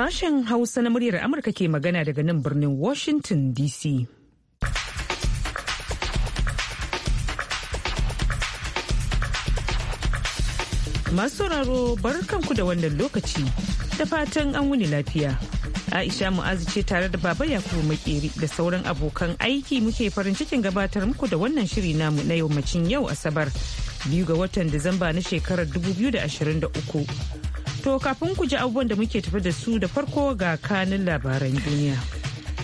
Sashen Hausa na muryar Amurka ke magana daga nan birnin Washington DC. Masu sauraro barkanku da wannan lokaci da fatan an wuni lafiya. Aisha Mu'azu ce tare da Baba Yakubu Makeri da sauran abokan aiki muke farin cikin gabatar muku da wannan shiri namu na yammacin yau Asabar biyu ga watan Disamba na shekarar 2023. To kafin ku ji abubuwan da muke tafi da su da farko ga kanin labaran duniya.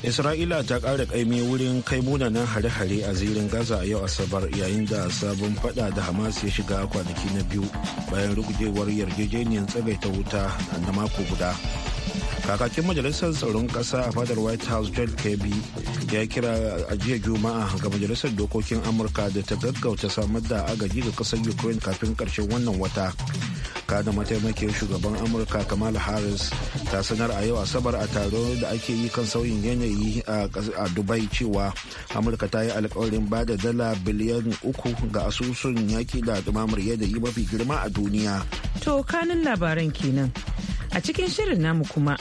Isra'ila ta ƙara ƙaimi wurin kai munanan hare-hare a zirin Gaza a yau Asabar yayin da sabon fada da Hamas ya shiga kwanaki na biyu bayan rugujewar yarjejeniyar tsagaita wuta na mako guda. Kakakin Majalisar Tsaron Ƙasa a fadar White House John Kirby ya kira a jiya Juma'a ga Majalisar Dokokin Amurka da ta gaggauta samar da agaji ga ƙasar Ukraine kafin ƙarshen wannan wata. kada mataimakin shugaban amurka kamal harris ta sanar a yau asabar a taro da ake yi kan sauyin yanayi a dubai cewa amurka ta yi alkawarin ba da dala biliyan uku ga asusun yaki da dumamar yi mafi girma a duniya to kanin labaran kenan a cikin shirin namu kuma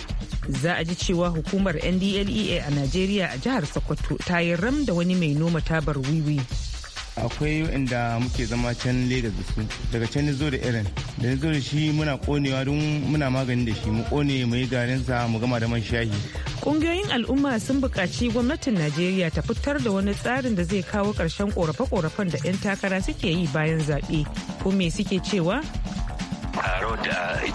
za a ji cewa hukumar ndlea a najeriya a jihar sokoto ta yi ram da wani mai noma tabar wiwi akwai inda muke zama can leda da su daga can zo da irin da zo da shi muna konewa don muna magani da shi mu kone mu yi garin sa mu gama da man shayi kungiyoyin al'umma sun bukaci gwamnatin najeriya ta fitar da wani tsarin da zai kawo ƙarshen korafe-korafen da 'yan takara suke yi bayan zaɓe ko me suke cewa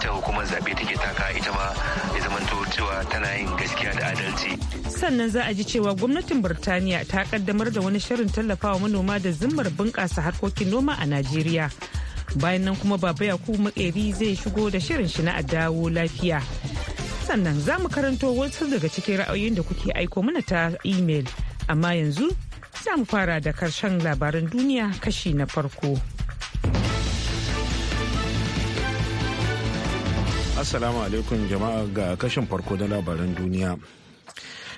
ita hukumar zaɓe take taka ita ma ya zama cewa tana yin gaskiya da adalci. Sannan za a ji cewa gwamnatin burtaniya ta kaddamar da wani shirin tallafawa manoma da zimmar bunƙasa harkokin noma a Najeriya. Bayan nan kuma Baba Yakubu Makeri zai shigo da shirin shi na dawo lafiya. Sannan za mu karanto wasu daga cikin ra'ayoyin da kuke aiko mana ta imail Amma yanzu za mu fara da karshen labaran duniya kashi na farko. Assalamu alaikum jama'a ga kashin farko na labaran duniya.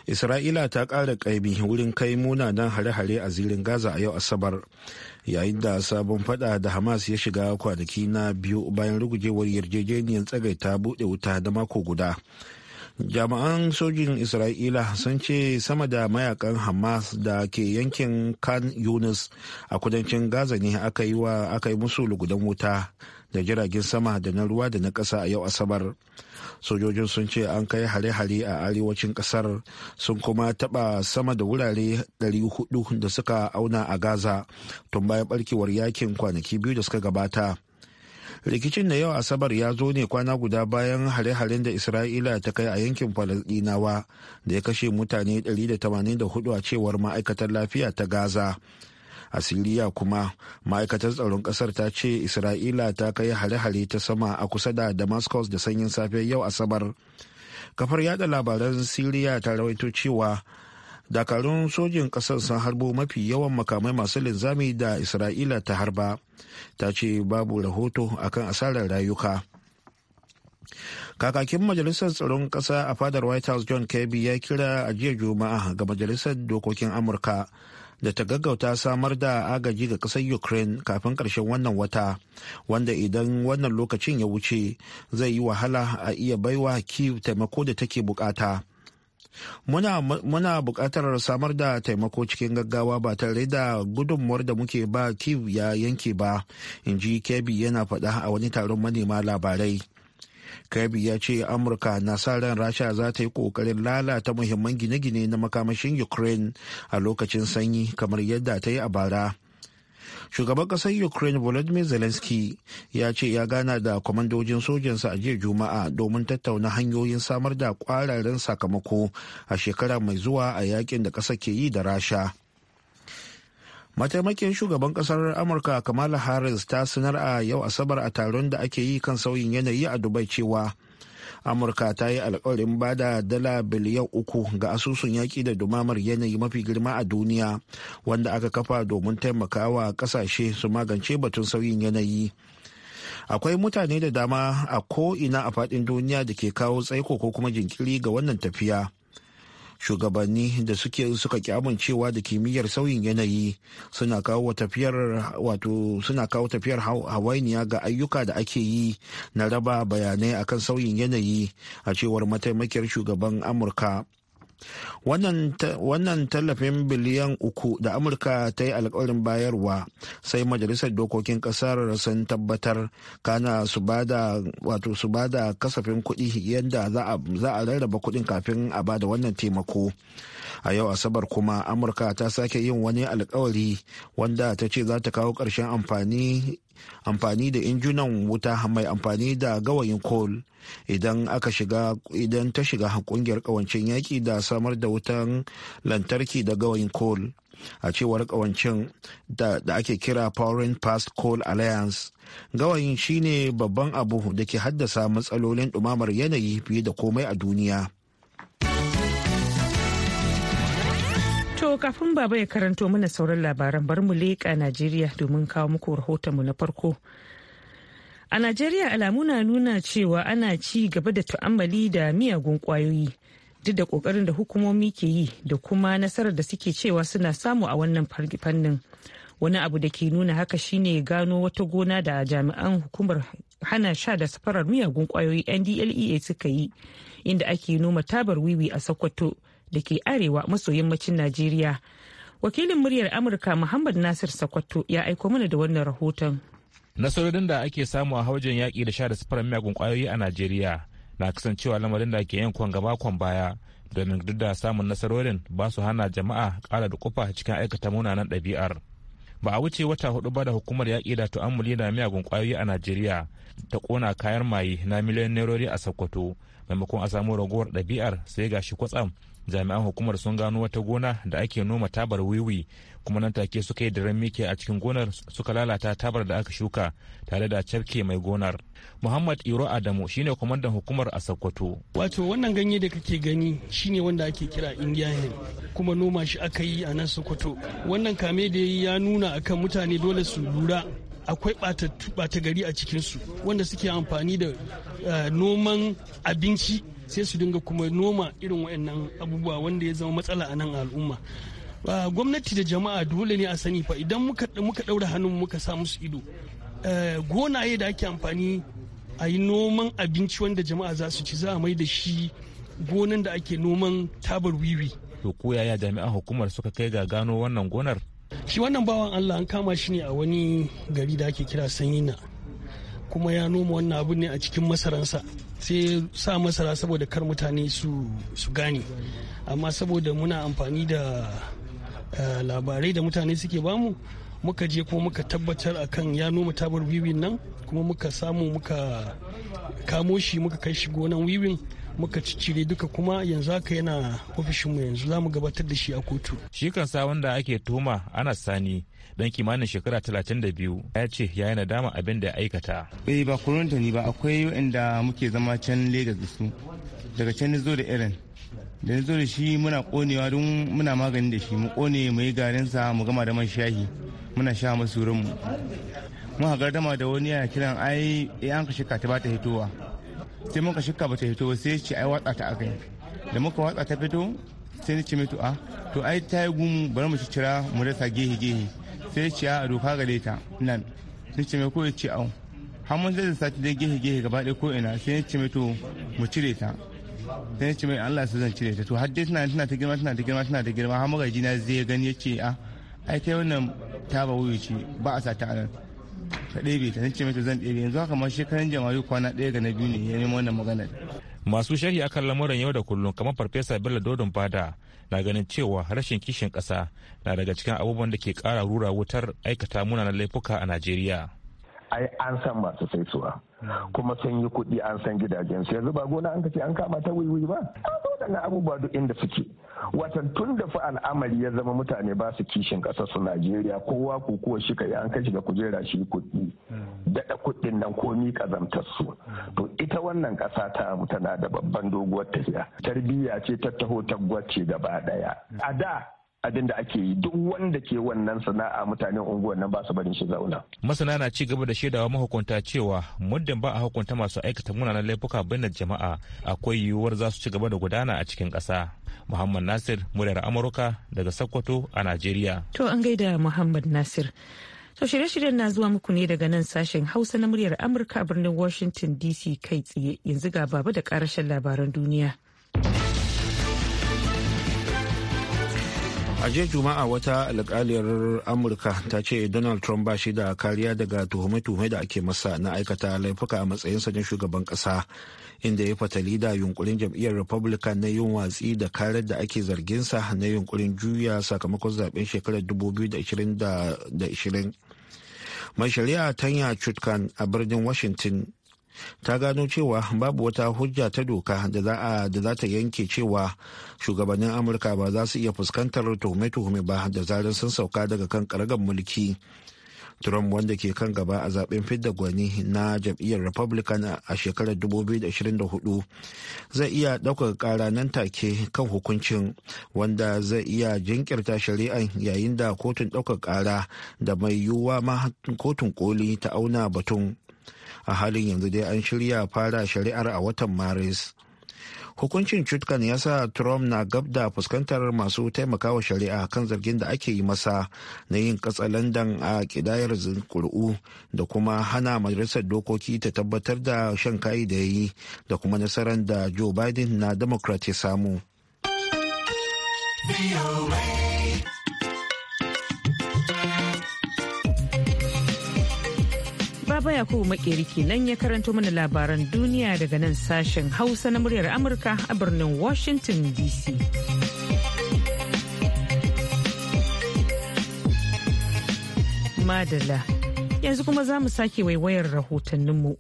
Isra'ila ta ƙara ƙaibi wurin kai munanan hare-hare a zirin Gaza a yau Asabar, yayin da sabon fada da Hamas ya shiga kwanaki na biyu bayan rugujewar yarjejeniyar tsagaita buɗe wuta da mako guda. jami'an sojin isra'ila sun ce sama da mayakan hamas da ke yankin khan yunus a kudancin gaza ne aka yi musu lugudan wuta da jiragen sama da na ruwa da na ƙasa a yau asabar sojojin sun ce an kai hare-hare a arewacin ƙasar sun kuma taɓa sama da wurare 400 da suka auna a gaza tun bayan ɓarkewar yakin kwanaki biyu da suka gabata rikicin da yau asabar ya zo ne kwana guda bayan hare-haren da isra'ila ta kai a yankin falasdinawa da ya kashe mutane 184 a cewar ma'aikatar lafiya ta gaza a siriya kuma ma'aikatar tsaron kasar ta ce isra'ila ta kai hare-hare ta sama a kusa da damascus da sanyin safe yau asabar kafar yada labaran siriya ta rawaito cewa dakarun sojin ƙasar sun harbo mafi yawan makamai masu linzami da isra'ila ta harba ta ce babu rahoto akan asarar rayuka kakakin majalisar tsaron ƙasa a fadar white house john kirby ya kira a jiya juma'a ga majalisar dokokin amurka da ta gaggauta samar da agaji ga ƙasar ukraine kafin ƙarshen wannan wata wanda idan wannan lokacin ya wuce zai yi wahala a iya baiwa kiev taimako da take bukata muna buƙatar samar da taimako cikin gaggawa ba tare da gudunmuwar da muke ba kiv ya yanke ba in ji kebi yana faɗa a wani taron manema labarai kirby ya ce amurka na sa ran rasha za ta yi kokarin lalata muhimman gine-gine na makamashin ukraine a lokacin sanyi kamar yadda ta yi a bara shugaban kasar ukraine volodymyr zelensky ya ce ya gana da kwamandojin sojansa a jiya juma'a domin tattauna hanyoyin samar da kwararren sakamako a shekara mai zuwa a yakin da ƙasa ke yi da rasha mataimakin shugaban kasar amurka kamala harris ta sanar a yau asabar a taron da ake yi kan sauyin yanayi a dubai cewa amurka ta yi alkawarin bada dala biliyan uku ga asusun yaƙi da dumamar yanayi mafi girma a duniya wanda aka kafa domin taimakawa ƙasashe su magance batun sauyin yanayi akwai mutane da dama a ko ina a faɗin duniya da ke kawo tsaiko ko kuma jinkiri ga wannan tafiya shugabanni da suke suka ki amincewa da kimiyyar sauyin yanayi suna kawo tafiyar wato suna kawo tafiyar hawainiya ga ayyuka da ake yi na raba bayanai akan sauyin yanayi a cewar mataimakiyar shugaban amurka wannan tallafin biliyan uku da amurka ta yi alkawarin bayarwa sai majalisar dokokin ƙasar sun tabbatar kana su ba da kasafin kuɗi yadda za a rarraba kuɗin kafin a ba da wannan taimako a yau asabar kuma amurka ta sake yin wani alkawari wanda ta ce za ta kawo ƙarshen amfani da injunan wuta mai amfani da gawayin kol idan aka shiga idan ta shiga kungiyar kawancin yaƙi da samar da wutan lantarki da gawayin kol a cewar kawancin da, ake kira foreign past coal alliance gawayin shine babban abu da ke haddasa matsalolin ɗumamar yanayi fiye da komai a duniya ko kafin baba ya karanto mana sauran labaran bar mu leƙa Najeriya domin kawo muku rahotonmu na farko. A Najeriya alamu na nuna cewa ana ci gaba da tu'ammali da miyagun kwayoyi duk da kokarin da hukumomi ke yi da kuma nasarar da suke cewa suna samu a wannan fannin. Wani abu da ke nuna haka shine gano wata gona da jami'an hukumar hana sha da safarar miyagun kwayoyi NDLEA suka yi inda ake noma tabar wiwi a Sokoto da ke arewa maso yammacin Najeriya. Wakilin muryar Amurka Muhammad Nasir Sakwato ya aiko mana da wannan rahoton. Nasarorin da ake samu a haujen yaƙi da sha da sifirin miyagun ƙwayoyi a Najeriya na kasancewa lamarin da ke kwan gaba kwan baya domin duk da samun nasarorin ba su hana jama'a ƙara da kufa cikin aikata munanan ɗabi'ar. ba a wuce wata hudu ba da hukumar yaƙi da tu'ammuli na miyagun ƙwayoyi a najeriya ta ƙona kayan maye na miliyan nerori a sokoto maimakon a samu ragowar ɗabi'ar sai gashi kwatsam jami'an hukumar sun gano wata gona da ake noma tabar wiwi kuma nan take suka yi daren mike a cikin gonar suka lalata tabar da aka shuka tare da cafke mai gonar muhammad iro adamu shine kwamandan hukumar a sokoto wato wannan ganye da kake gani shine wanda ake kira ingiyahin kuma noma shi aka yi a nan sokoto wannan kame da ya nuna akan mutane dole su lura akwai ɓata gari a cikinsu wanda suke amfani da eh, noman abinci sai su dinga kuma noma irin waɗannan abubuwa wanda ya zama matsala a nan al'umma gwamnati da jama'a dole ne a sani fa idan muka ɗaura hannu muka sa musu ido eh, gonaye da ake amfani a yi noman abinci wanda jama'a za su ci za a mai da shi gonan da ake noman tabar wiwi to ko yaya jami'an hukumar suka kai ga gano wannan gonar shi wannan bawan allah an kama shi ne a wani gari da ake kira sanyina kuma ya noma wannan abu ne a cikin masaransa sai sa masara saboda kar mutane su gane amma saboda muna amfani da eh, labarai da mutane suke bamu muka je kuma muka tabbatar akan ya noma tabar wiwin nan kuma muka samu muka kamo shi muka kai shi gonan wiwin muka ciccire duka kuma yanzu haka yana ofishinmu yanzu za mu gabatar da shi a kotu shi kansa wanda ake tuma ana sani dan kimanin shekara 32 ya ce ya yi nadama abin da ya aikata. Eh ba kuranta ni ba akwai inda muke zama can Legas da su daga can zo da irin da zo da shi muna konewa don muna magani da shi mu kone mu yi garin sa mu gama da man shahi muna sha masu mu. Mun hagar dama da wani yana kiran ai eh, an kashe ka ta ba ta hitowa. sai muka shika bata fito ba sai ce ai watsa ta akai da muka watsa ta fito sai ni ce mai to a ah, to ai ta yi gumu bari mu ci cira mu rasa gehe gehe sai ce a doka gare ta nan sai ce mai ko ce au har mun zai sati dai gehe gehe gaba ɗaya ko ina sai ce mai to mu cire ta sai ce mai Allah sai zan cire ta to har dai tana tana ta girma tana ta girma tana ta girma har magaji na zai gani ya ce a ai kai wannan ta ba wuyi ce ba a sata anan ka ɗebe ta ce mai to zan ɗebe yanzu haka ma shekaran jama'a kwana ɗaya ga na biyu ne ya nemo wannan maganar masu sharhi akan lamuran yau da kullum kamar farfesa bello dodon fada na ganin cewa rashin kishin ƙasa na daga cikin abubuwan da ke ƙara rura wutar aikata munanan laifuka a najeriya ai an san masu saisuwa kuma sun yi kuɗi an san gidajen su yanzu ba gona an kace an kama ta wiwi ba an zo abubuwa duk inda suke watan tun da fa al'amari ya zama mutane ba su kishin kasa su Najeriya kowa kukuwa kuwa shi kai an kai da kujera shi kuɗi daɗa kuɗin nan komi kazamtar su to ita wannan ƙasa ta tana da babban doguwar tafiya tarbiyya ce ta taho ce gaba ɗaya a da abin da ake yi duk wanda ke wannan sana'a mutanen unguwar nan ba su barin shi zauna. Masana na ci gaba da shaidawa mahukunta cewa muddin ba a hukunta masu aikata munanan laifuka bainar jama'a akwai yiwuwar za su ci gaba da gudana a cikin ƙasa. Muhammad Nasir muryar Amurka daga Sokoto a Najeriya. To an gaida Muhammad Nasir. To shirye-shiryen na zuwa muku ne daga nan sashen Hausa na muryar Amurka a birnin Washington DC kai tsaye yanzu ga baba da karashen labaran duniya. a jiya juma'a wata alƙaliyar amurka ta ce donald trump ba shi da kariya daga tuhume-tuhume da ake masa na aikata laifuka a matsayinsa na shugaban ƙasa inda ya fatali da yunkurin jam'iyyar republican na yin watsi da karar da ake zarginsa na yunkurin juya sakamakon zaben shekarar 2020 mai shari'a tanya chutkan a birnin washington ta gano cewa babu wata hujja ta doka da za ta yanke cewa shugabannin amurka ba za su iya fuskantar tuhume-tuhume ba da zarar sun sauka daga kan karagar mulki Trump wanda ke kan gaba a zaben fidda gwani na jam'iyyar Republican a shekarar 2024 zai iya ɗaukar ƙara nan take kan hukuncin wanda zai iya jinkirta shari'ar yayin da kotun ɗaukar ƙara da mai yiwuwa ma kotun koli ta auna batun. A halin yanzu dai an shirya fara shari'ar a watan Maris. hukuncin cutkan ya sa trump na gab da fuskantar masu taimakawa shari'a kan zargin da ake yi masa na yin katsalandan a kidayar zinkuru da kuma hana majalisar dokoki ta tabbatar da shan kayi da yi da kuma nasarar da joe biden na democrat ya samu. Baba Yakubu Makeri kenan ya karanto mana labaran duniya daga nan sashen Hausa na muryar Amurka a birnin Washington DC. Madala, yanzu kuma za mu sake waiwayar rahotanninmu.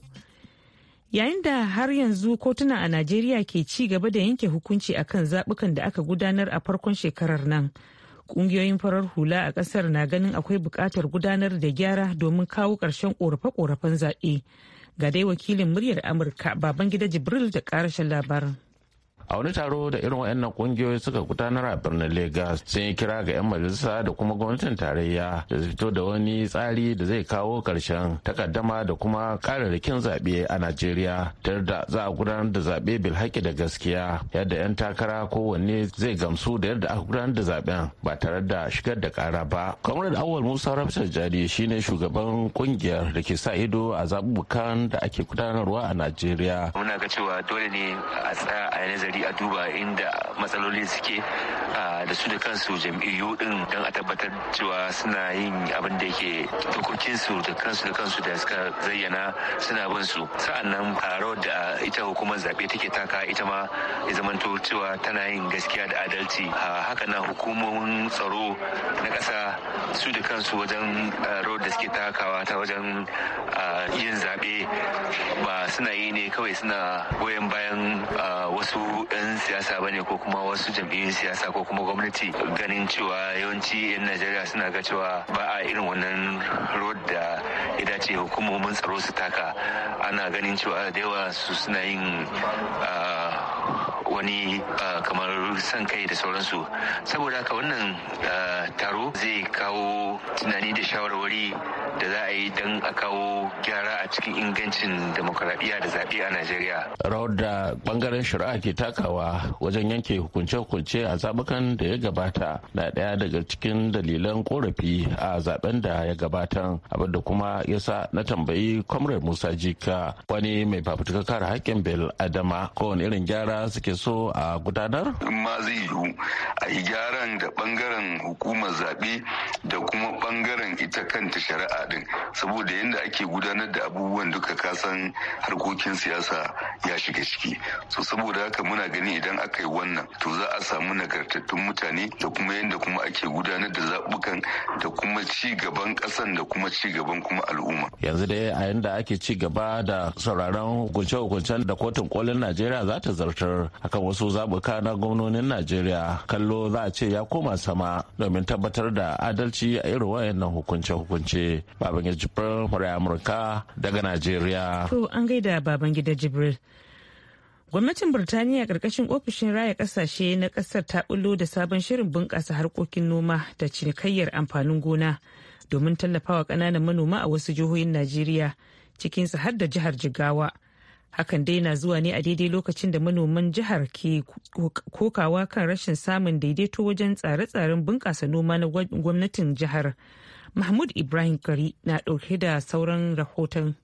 Yayin da har yanzu kotuna a Najeriya ke ci gaba da yanke hukunci akan zaɓukan da aka gudanar a farkon shekarar nan. kungiyoyin farar hula a kasar na ganin akwai bukatar gudanar da gyara domin kawo ƙarshen korafe-korafen zaɓe ga dai wakilin muryar amurka baban gida jibril da ƙarashin labarin a wani taro da irin waɗannan kungiyoyi suka gudanar a birnin lagos sun yi kira ga 'yan majalisa da kuma gwamnatin tarayya da su fito da wani tsari da zai kawo karshen takaddama da kuma rikin zaɓe a najeriya ta yadda za a gudanar da zaɓe bilhaki da gaskiya yadda 'yan takara kowanne zai gamsu da yadda aka gudanar da zaɓen ba tare da shigar da ƙara ba comrade awal musa rafsar jari shine shugaban ƙungiyar da ke sa ido a zaɓuɓɓukan da ake gudanarwa a najeriya muna ga cewa dole ne a tsaya a gari a duba inda matsaloli suke da su da kansu jam'iyyu din don a tabbatar cewa suna yin abin da yake dokokinsu da kansu da kansu da suka zayyana suna bin su sa'an nan rawar da ita hukumar zaɓe take taka ita ma ya zamanto cewa tana yin gaskiya da adalci haka nan hukumomin tsaro na ƙasa su da kansu wajen rawar da suke takawa ta wajen yin zaɓe ba suna yi ne kawai suna goyon bayan wasu 'yan siyasa bane ko kuma wasu jam'iyyun siyasa ko kuma gwamnati ganin cewa yawanci 'yan najeriya suna ga cewa ba a irin wannan road da ya dace hukumomin tsaro su taka ana ganin cewa da yawa su suna yin ah, wani ah, kamar san kai da sauransu saboda haka wannan ah, taro zai kawo tunani da shawarwari da za a yi don a kawo gyara a cikin ingancin demokuraɗiyya da zaɓe a najeriya rawar da bangaren shari'a ke takawa wajen yanke hukunce-hukunce a zabukan da ya gabata na ɗaya daga cikin dalilan korafi a zaben da ya gabata da kuma ya sa na tambayi comrade musa jika wani mai kare haƙƙin bel adama kowane irin gyara suke so a gudanar? In zai yiwu a yi gyaran da bangaren hukumar zaɓe da kuma bangaren ita kanta shari'a din saboda yadda ake gudanar da abubuwan duka kasan harkokin siyasa ya shiga ciki. So saboda haka muna gani idan aka yi wannan to za a samu nagartattun mutane da kuma yadda kuma ake gudanar da zabukan da kuma ci gaban ƙasan da kuma ci gaban kuma al'umma. Yanzu dai a yanda ake ci gaba da sauraron hukunce-hukuncen da kotun kolin Najeriya za ta zartar akan wasu zaɓuka na gwamnonin najeriya kallo za a ce ya koma sama domin tabbatar da adalci a irin wayannan hukunce-hukunce baban jibril murai amurka daga najeriya to an gaida baban babangida jibril Gwamnatin Birtaniya karkashin ofishin raya kasashe na kasar ta bullo da sabon shirin bunƙasa harkokin noma da cinikayyar amfanin gona domin tallafawa ƙananan manoma a wasu jihohin Najeriya cikinsu har da jihar Jigawa hakan dai na zuwa ne a daidai lokacin da manoman jihar ke kokawa kan rashin samun daidaito wajen tsare-tsaren bunƙasa noma na gwamnatin jihar mahmud ibrahim kari na ɗauke da sauran rahoton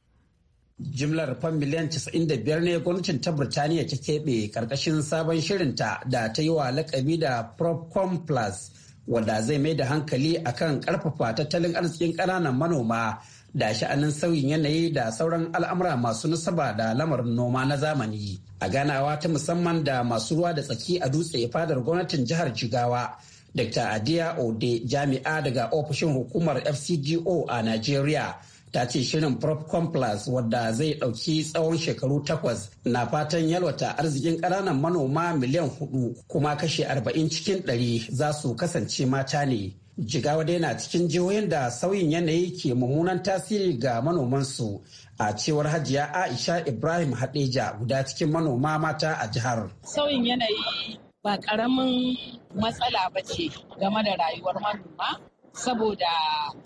jimlar fan miliyan 95 ne gwamnatin ta birtaniya ta keɓe ƙarƙashin sabon shirinta da ta yi wa lakabi da propcom plus wanda zai mai da hankali akan ƙarfafa tattalin arzikin ƙananan manoma da sha'anin sauyin yanayi da sauran al'amura masu nasaba da lamarin noma na zamani a ganawa ta musamman da masu ruwa da tsaki a dutse fadar gwamnatin jihar jigawa dr Adia ode jami'a daga ofishin hukumar fcgo a nigeria ta ce shirin Prof. plus wadda zai ɗauki tsawon shekaru takwas na fatan yalwata arzikin ƙananan manoma miliyan hudu kuma kashe arba'in cikin ɗari za su kasance mata ne Jigawa dai na cikin jihohin da sauyin yanayi ke mummunan tasiri ga manomansu a cewar hajiya Aisha Ibrahim Hadeja guda cikin manoma mata a jihar. Sauyin yanayi ba karamin matsala ba ce game da rayuwar manoma saboda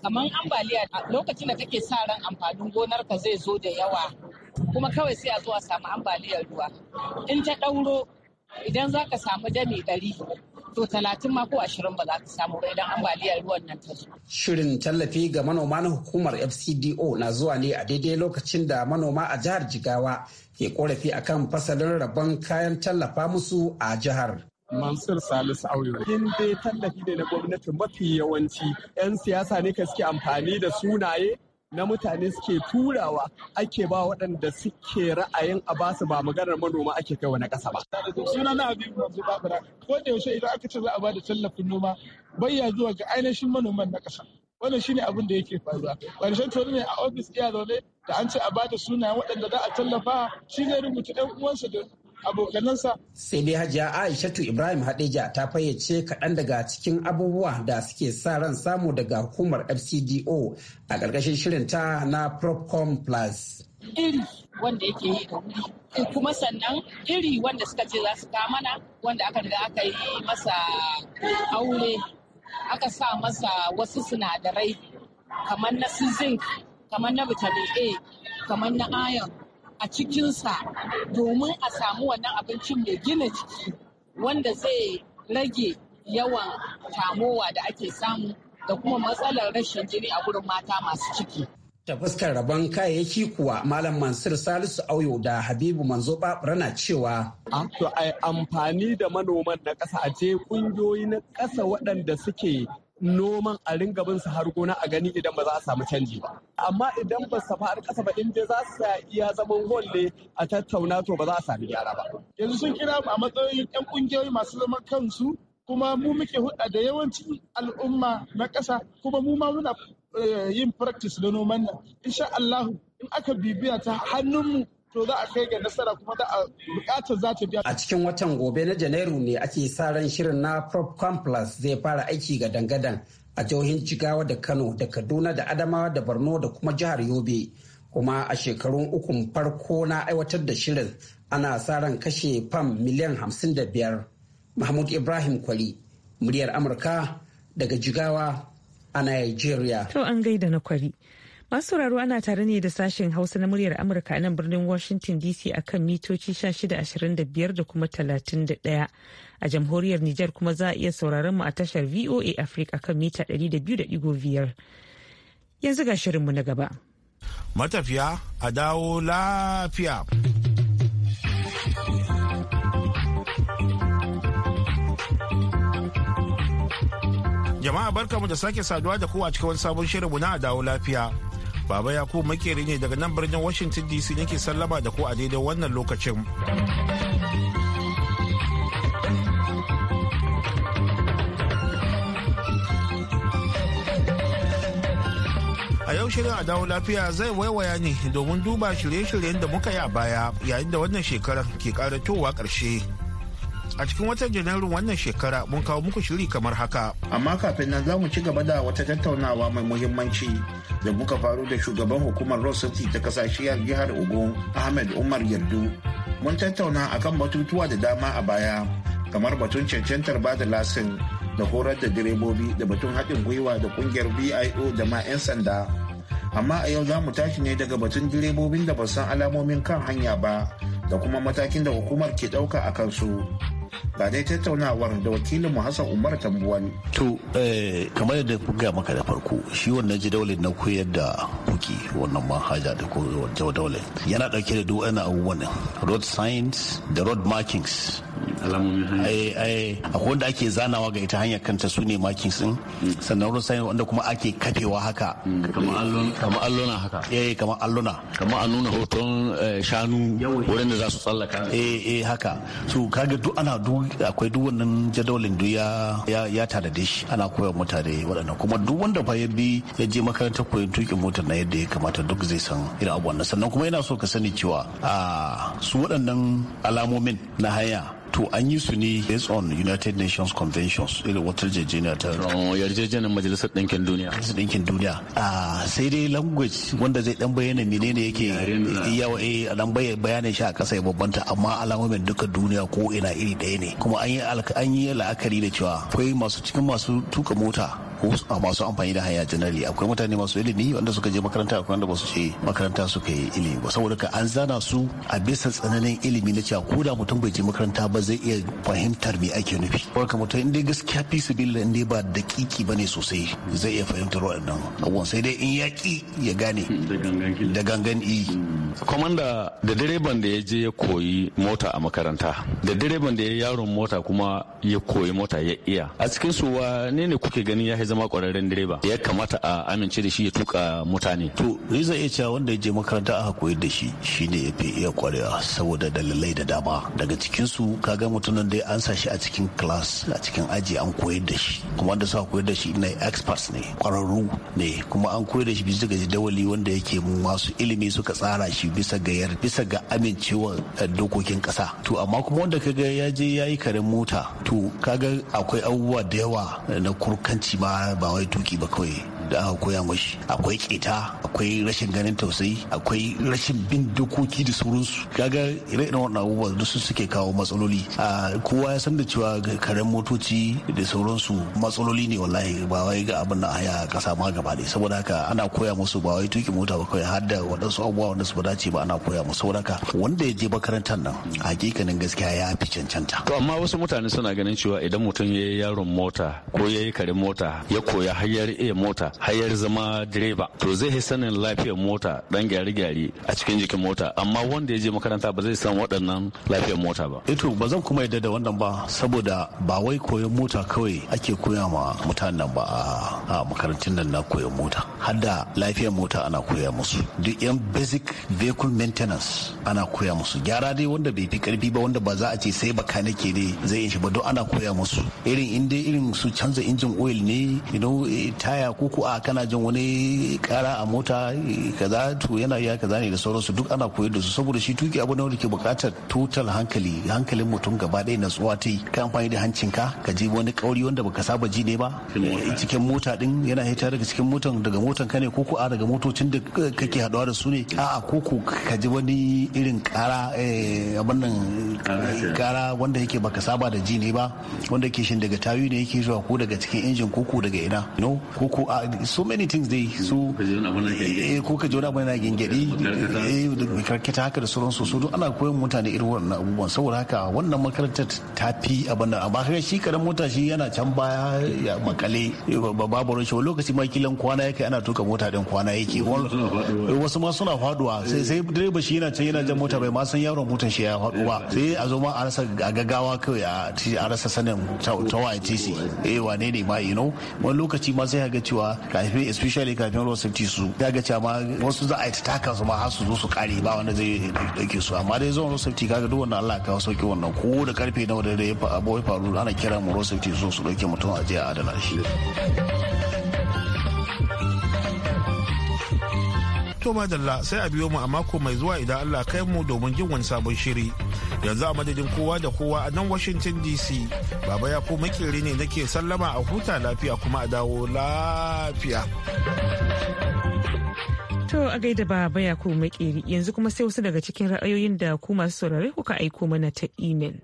kamar ambaliya lokacin da kake sa ran amfanin gonarka zai zo da yawa kuma kawai sai a zo a samu ambaliyar ruwa in ta ɗauro idan za ka samu dami ɗari to talatin ma ko ashirin ba za ka samu ba idan ambaliyar ruwan nan ta zo. Shirin tallafi ga manoma na hukumar FCDO na zuwa ne a daidai lokacin da manoma a jihar Jigawa ke korafi akan fasalin rabon kayan tallafa musu a jihar. Mansur Salisu Auyo. In dai tallafi ne na gwamnati mafi yawanci 'yan siyasa ne ka suke amfani da sunaye na mutane suke turawa ake ba waɗanda suke ra'ayin a basu ba maganar manoma ake kai wani ƙasa ba. Suna na Habibu ba Babura, ko da yaushe idan aka ce za a ba da tallafin noma bayya zuwa ga ainihin manoman na ƙasa. Wannan shine abin da yake faruwa. Ƙarshen tori ne a ofis iya zaune da an ce a ba da suna waɗanda za a tallafa shi zai rubuta ɗan uwansa da abokanansa. Sai dai Hajiya Aishatu Ibrahim Hadeja ta fayyace kaɗan daga cikin abubuwa da suke sa ran samu daga hukumar FCDO a ƙarƙashin shirinta na Propcom Plus. Iri wanda yake yi da wuri, kuma sannan iri wanda suka ce za su mana wanda aka riga aka yi masa aure, aka sa masa wasu sinadarai kamar na su zinc, kamar na vitamin A, kamar na iron, a cikinsa domin a samu wannan abincin mai gina jiki wanda zai rage yawan tamowa da ake samu da kuma matsalar rashin jini a gurin mata masu ciki. Ta fuskar rabon kayayyaki kuwa Malam Mansur Salisu Auyo da Habibu Manzo Babura na cewa. To ai amfani da manoman na ƙasa a je ƙungiyoyi na ƙasa waɗanda suke noman a ringa bin su har gona a gani idan ba za a samu canji ba amma idan ba su har kasa ba in dai za su iya zaman holle, a tattauna to ba za a sami gyara ba yanzu sun kira a matsayin yan kungiyoyi masu zaman kansu kuma mu muke hudda da yawancin al'umma na kasa kuma mu ma muna eh, yin practice na noman nan insha Allah in aka bibiya ta hannunmu to za a kai ga nasara kuma za a bukatar za ta biya. A cikin watan gobe na Janairu ne ake sa ran shirin na Prop Plus zai fara aiki ga dangadan a jihohin Jigawa da Kano da Kaduna da Adamawa da Borno da kuma jihar Yobe. Kuma a shekarun ukun farko na aiwatar da shirin ana sa ran kashe fam miliyan hamsin da biyar. Mahmud Ibrahim Kwali, muryar Amurka daga Jigawa a Nigeria. To an gaida na Kwari. Masu sauraro ana tare ne da sashen Hausa na muryar Amurka a nan birnin Washington DC a kan mitoci 1625 da kuma 31. A jamhuriyar Nijar kuma za a iya sauraron mu a tashar VOA Africa kan mita 200.5. Yanzu ga shirinmu na gaba. Matafiya a dawo lafiya. Jama'a barkamu da sake saduwa da kowa cikin sabon shirin shirinmu na dawo lafiya. Baba Yakubu makeri ne daga nan birnin Washington DC nake sallama da ku a daidai wannan lokacin. A yau shirin a dawo lafiya zai waiwaya ne domin duba shirye-shiryen da muka yi a baya yayin da wannan shekarar ke karatowa ƙarshe. a cikin watan janairun wannan shekara mun kawo muku shiri kamar haka. Amma kafin nan za mu ci gaba da wata tattaunawa mai muhimmanci da muka faru da shugaban hukumar Rosati ta kasashiyar jihar Ogun Ahmed Umar Yardu. Mun tattauna akan batutuwa da dama a baya kamar batun cancantar ba da lasin da horar da direbobi da batun haɗin gwiwa da kungiyar BIO da ma 'yan sanda. Amma a yau za mu tashi ne daga batun direbobin da ba san alamomin kan hanya ba da kuma matakin da hukumar ke ɗauka a kansu. ga dai tattaunawar da wakilin mu Hassan Umar Tambuwal. To eh, kamar yadda ga maka da farko shi wannan jadawalin na koyar da kuki wannan manhaja da koyar jadawalin yana dauke da duk wani abubuwan road signs da road markings alamomin hanyar akwai wanda ake zanawa ga ita hanyar kanta su ne makin sun sannan ruwan sani wanda kuma ake kafewa haka kamar alluna haka eh kamar alluna kamar a nuna hoton eh, shanu wurin da za su tsallaka eh eh haka su kaga duk ana duk akwai duk wannan jadawalin duk ya ya tanade shi ana koya mutane waɗannan kuma duk wanda fa ya bi ya je makarantar koyon tukin mota na yadda ya kamata duk zai san irin abubuwan sannan kuma yana so ka sani cewa ah, su waɗannan alamomin na hanya to an yi su ne based on united nations conventions irin wata yarjejeniya ta yarjejeniyar majalisar ɗinkin duniya majalisar ɗinkin duniya ah, sai dai language wanda zai dan bayyana menene yake yawa eh dan bayanin shi a ƙasa ya babbanta amma alamomin duka duniya ko ina iri ɗaya ne kuma an yi la'akari da cewa akwai masu cikin masu tuka mota masu amfani da hanya janarli akwai mutane masu ilimi wanda suka je makaranta akwai wanda ba su je makaranta suka yi ilimi ba saboda ka an zana su a bisa tsananin ilimi na cewa ko da mutum bai je makaranta ba zai iya fahimtar me ake nufi ko ka mutum in dai gaskiya fi sibilla in dai ba dakiki ne sosai zai iya fahimtar waɗannan abubuwan sai dai in ya ki ya gane da gangan i hmm. komanda da direban da ya je ya koyi mota a makaranta da direban da ya yaron mota kuma ya koyi mota ya iya a cikin su wa ne ne kuke ganin ya zama kwararren direba ya kamata a amince da shi ya tuka mutane to riza ya cewa wanda ya je makaranta aka koyar da shi shine ya fi iya kwarewa saboda dalilai da dama daga cikin su kaga mutumin da an sa shi a cikin class a cikin aji an koyar da shi kuma wanda suka koyar da shi na experts ne kwararru ne kuma an koyar da shi bisa ga jadawali wanda yake masu ilimi suka tsara shi bisa ga yar bisa ga amincewar eh, dokokin kasa to amma kuma wanda ka kaga ya je ya yi karen mota to ka ga akwai abubuwa da yawa eh, na kurkanci ma ba wai tuki ba kawai da aka koya mashi akwai keta akwai rashin ganin tausayi akwai rashin bin dokoki da sauransu kaga ire-iren abubuwa duk su suke kawo matsaloli a kowa ya san da cewa karen motoci da sauransu matsaloli ne wallahi ba wai ga abin da haya kasa ma gaba ne saboda haka ana koya musu ba wai tuki mota ba kawai har da waɗansu abubuwa wanda su ba dace ba ana koya musu saboda haka wanda ya je makarantar nan hakikanin gaskiya ya fi cancanta to amma wasu mutane suna ganin cewa idan mutum ya yi yaron mota ko ya yi karen mota ya koya har iya mota Hayar zama direba to zai yi sanin lafiyar mota dan gyare-gyare a cikin jikin mota amma wanda ya je makaranta ba zai san waɗannan lafiyar mota ba ito eh ba zan kuma yadda da wannan ba saboda ba wai koyon mota kawai ake koya ma mutanen ba a makarantun nan na koyon mota har da lafiyar mota ana koya musu duk yan basic vehicle maintenance ana koya musu gyara dai wanda bai fi karfi ba wanda ba za a ce sai bakanike ne zai yi shi ba don ana koya musu irin inda irin su canza injin oil ne idan eh, taya ko ko a kana jin wani kara a mota eh, kaza to yana iya kaza ne da sauransu duk ana koyar da su saboda shi tuki abu ne wanda ke bukatar total hankali hankalin mutum gaba ɗaya natsuwa ta yi ka amfani da hancinka ka je wani kauri wanda baka saba ji ne ba cikin mota din eh, yana hita daga cikin motan daga motan ka ne ko ko a daga motocin da kake haɗuwa da su ne a'a ko ko ka ji wani irin kara eh, abin nan kara wanda yake baka saba da ji ne ba wanda ke shin daga tayu ne yake zuwa ko daga cikin injin ko ko daga ina ko ko so many things so eh ko ka jona bana gingedi karkata haka da sauransu su duk ana koyon mutane irin wannan abubuwan saboda haka wannan makarantar ta fi abin da amma kaga shi karan mota shi yana can baya ya makale babu rashin lokaci ma kilan kwana yake ana tuka mota din kwana yake wasu ma suna faduwa eh, sai sai direba shi yana can yana jan mota bai ma san yaron motar shi ya faɗu ba eh. sai a zo ma a rasa a gaggawa kawai a rasa sanin tawa tisi eh wane ne ma you know wani lokaci ma sai ga cewa kafin especially kafin ruwan safety su daga cewa wasu za a yi ta taka su ma har su zo su kare ba wanda zai dauke su amma dai zuwan ruwan safety kaga duk wannan Allah ka sauki wannan ko da karfe na wadanda ya faru ana kira mu ruwan safety su su dauke mutum a je a adana shi To madalla sai a biyo mu a mako mai zuwa idan Allah kai mu domin jin wani sabon shiri. Yanzu a madadin kowa da kowa a nan Washington DC. Baba ya ko makeri ne nake sallama a huta lafiya kuma a dawo lafiya. To a gaida baba ya ko makeri yanzu kuma sai wasu daga cikin ra'ayoyin da ku masu saurare kuka aiko mana ta imel.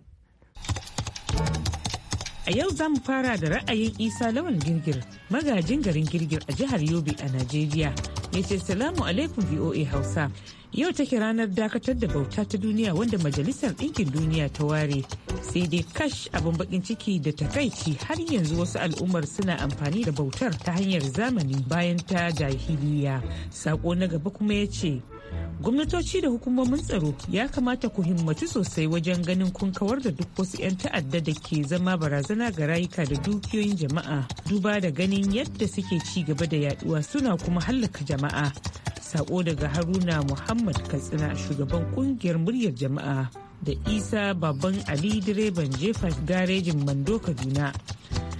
A yau za mu fara da ra'ayin Isa lawan Girgir, magajin garin Girgir a jihar Yobe a Najeriya. Ya ce salamu alaikum VOA Hausa. Yau take ranar dakatar da bauta ta duniya wanda Majalisar Ɗinkin Duniya ta ware. Sai dai kash abin bakin ciki da takaici har yanzu wasu al'ummar suna amfani da bautar ta hanyar zamani bayan ta jahiliya. Sako na gaba kuma ya ce gwamnatoci da hukumomin tsaro ya kamata ku himmatu sosai wajen ganin kun kawar da duk wasu 'yan ta'adda da ke zama barazana ga rayuka da dukiyoyin jama'a duba da ganin yadda suke ci gaba da yaduwa suna kuma hallaka jama'a sako daga haruna muhammad katsina shugaban kungiyar muryar jama'a da isa baban ali direban jefa garejin mando kaduna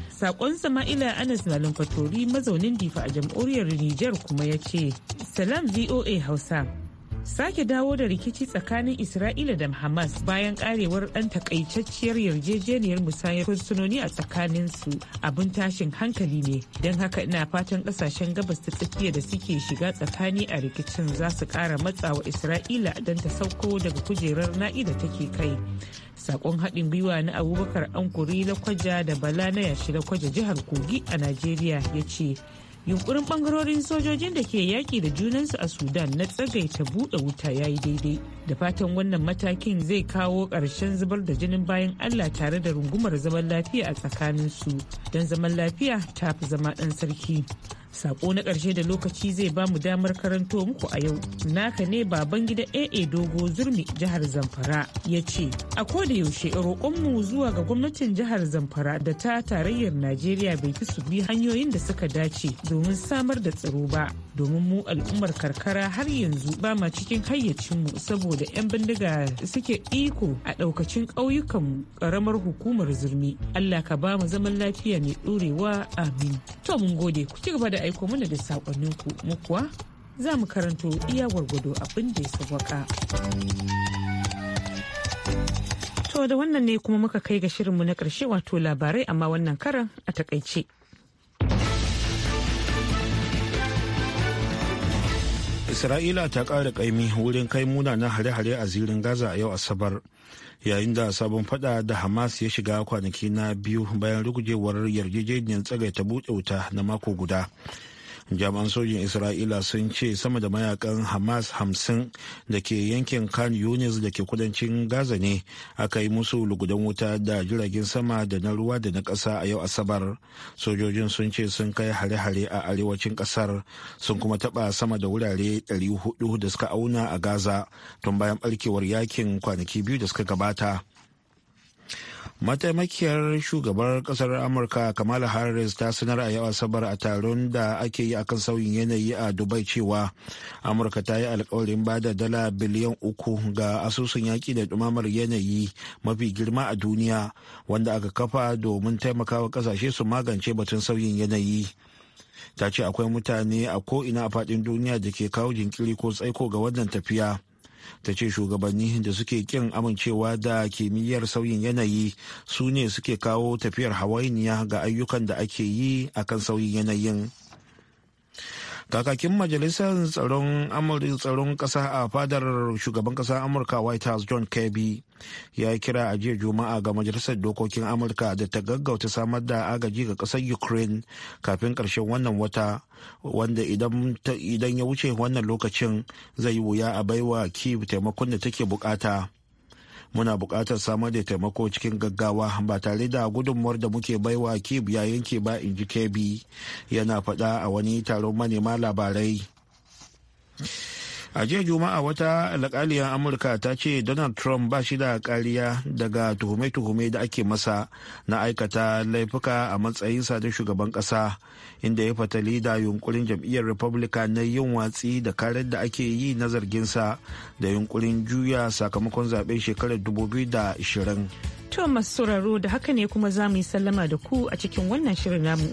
sakon sama'ila anas na lumfatori mazaunin difa a jamhuriyar niger kuma ya ce salam voa hausa sake dawo da rikici tsakanin isra'ila da hamas bayan karewar dan takaitacciyar yarjejeniyar musayar fursunoni a tsakaninsu abin tashin hankali ne don haka ina fatan kasashen gabas ta tsakiya da suke shiga tsakani a rikicin za su kara matsawa isra'ila don ta sauko daga kujerar na'i da take kai sakon haɗin gwiwa na abubakar ankuri lakwaja da bala na yashi lakwaja jihar kogi a najeriya ya ce yunkurin bangarorin sojojin da ke yaƙi da junansu a sudan na tsagaita buɗe wuta ya yi daidai da fatan wannan matakin zai kawo ƙarshen zubar da jinin bayan allah tare da rungumar zaman lafiya a tsakaninsu don zaman lafiya ta fi zama ɗan sarki sako na ƙarshe da lokaci zai ba mu damar karanto muku a yau naka ne baban gida aa dogo zurmi jihar zamfara ya ce a koda yaushe roƙonmu zuwa ga gwamnatin jihar zamfara da ta tarayyar najeriya bai fi su bi hanyoyin da suka dace domin samar da tsaro ba domin mu al'ummar karkara har yanzu ba ma cikin hayyacinmu saboda da 'yan bindiga suke iko a ɗaukacin ƙauyukan ƙaramar hukumar zurmi allah ka ba mu zaman lafiya mai ɗorewa amin to mun gode ku ci gaba da aiko mana da saƙonninku mu kuwa za mu karanto iya gwargwado abin da ya sawaƙa. To da wannan ne kuma muka kai ga shirinmu na ƙarshe wato labarai amma wannan karan a takaice. Isra'ila ta ƙara ƙaimi wurin kai munanan hare-hare a zirin Gaza a yau Asabar, yayin da sabon fada da Hamas ya shiga kwanaki na biyu bayan rugujewar yarjejeniyar tsagaita buɗe wuta na mako guda. jami'an sojin isra'ila sun ce sama da mayakan hamas hamsin da ke yankin khan yunis da ke kudancin gaza ne aka yi musu lugudan wuta da jiragen sama da na ruwa da na ƙasa a yau asabar sojojin sun ce sun kai hare-hare a arewacin ƙasar sun kuma taɓa sama da wurare 400 da suka auna a gaza tun bayan ɓarkewar yakin kwanaki biyu da suka gabata mataimakiyar shugabar kasar amurka kamala harris ta sanar a yau asabar a taron da ake yi akan sauyin yanayi a dubai cewa amurka ta yi alkawarin da dala biliyan uku ga asusun yaƙi da ɗumamar yanayi mafi girma a duniya wanda aka kafa domin taimakawa ƙasashe su magance batun sauyin yanayi ta ce akwai mutane a ko'ina a faɗin duniya da ke kawo jinkiri ko tsaiko ga wannan tafiya ta ce shugabanni da suke kin amincewa da kimiyyar sauyin yanayi su ne suke kawo tafiyar hawainiya ga ayyukan da ake yi akan sauyin yanayin kakakin majalisar tsaron tsaron kasa a fadar shugaban kasa amurka white house john kirby ya yi kira a jiya juma'a ga majalisar dokokin amurka da ta gaggauta samar da agaji ga kasar ukraine kafin karshen wannan wata wanda idan ya wuce wannan lokacin zai yi wuya a baiwa kiev taimakon da take bukata muna buƙatar samar da taimako cikin gaggawa ba tare da gudunmuwar da muke baiwa kib ya yanke ba in ji kebi yana faɗa a wani taron manema labarai a jiya juma'a wata alƙaliyar amurka ta ce donald trump ba shi da kariya daga tuhume-tuhume da ake masa na aikata laifuka a matsayinsa da shugaban ƙasa inda ya fatali da yunkurin jam'iyyar republican na yin watsi da karar da ake yi na zarginsa da yunkurin juya sakamakon zaɓen shekarar 2020 to masu sauraro da haka ne kuma za mu yi sallama da ku a cikin wannan shirin namu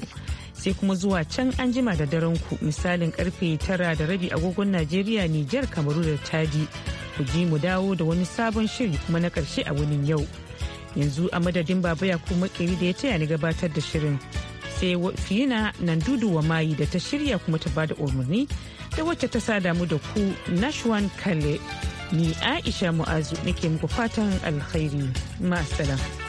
sai kuma zuwa can an jima da daren ku misalin karfe tara da rabi agogon Najeriya Nijar Kamaru da Chadi ku ji mu dawo da wani sabon shiri kuma na karshe a wunin yau. Yanzu a madadin Baba Yakubu Makeri da ya taya ni gabatar da shirin. Sai Fina nan dudu wa mayi da ta shirya kuma ta bada umarni da wacce ta sada mu da ku Nashwan Kale. Ni Aisha Mu'azu nake muku fatan alkhairi. Ma'asala.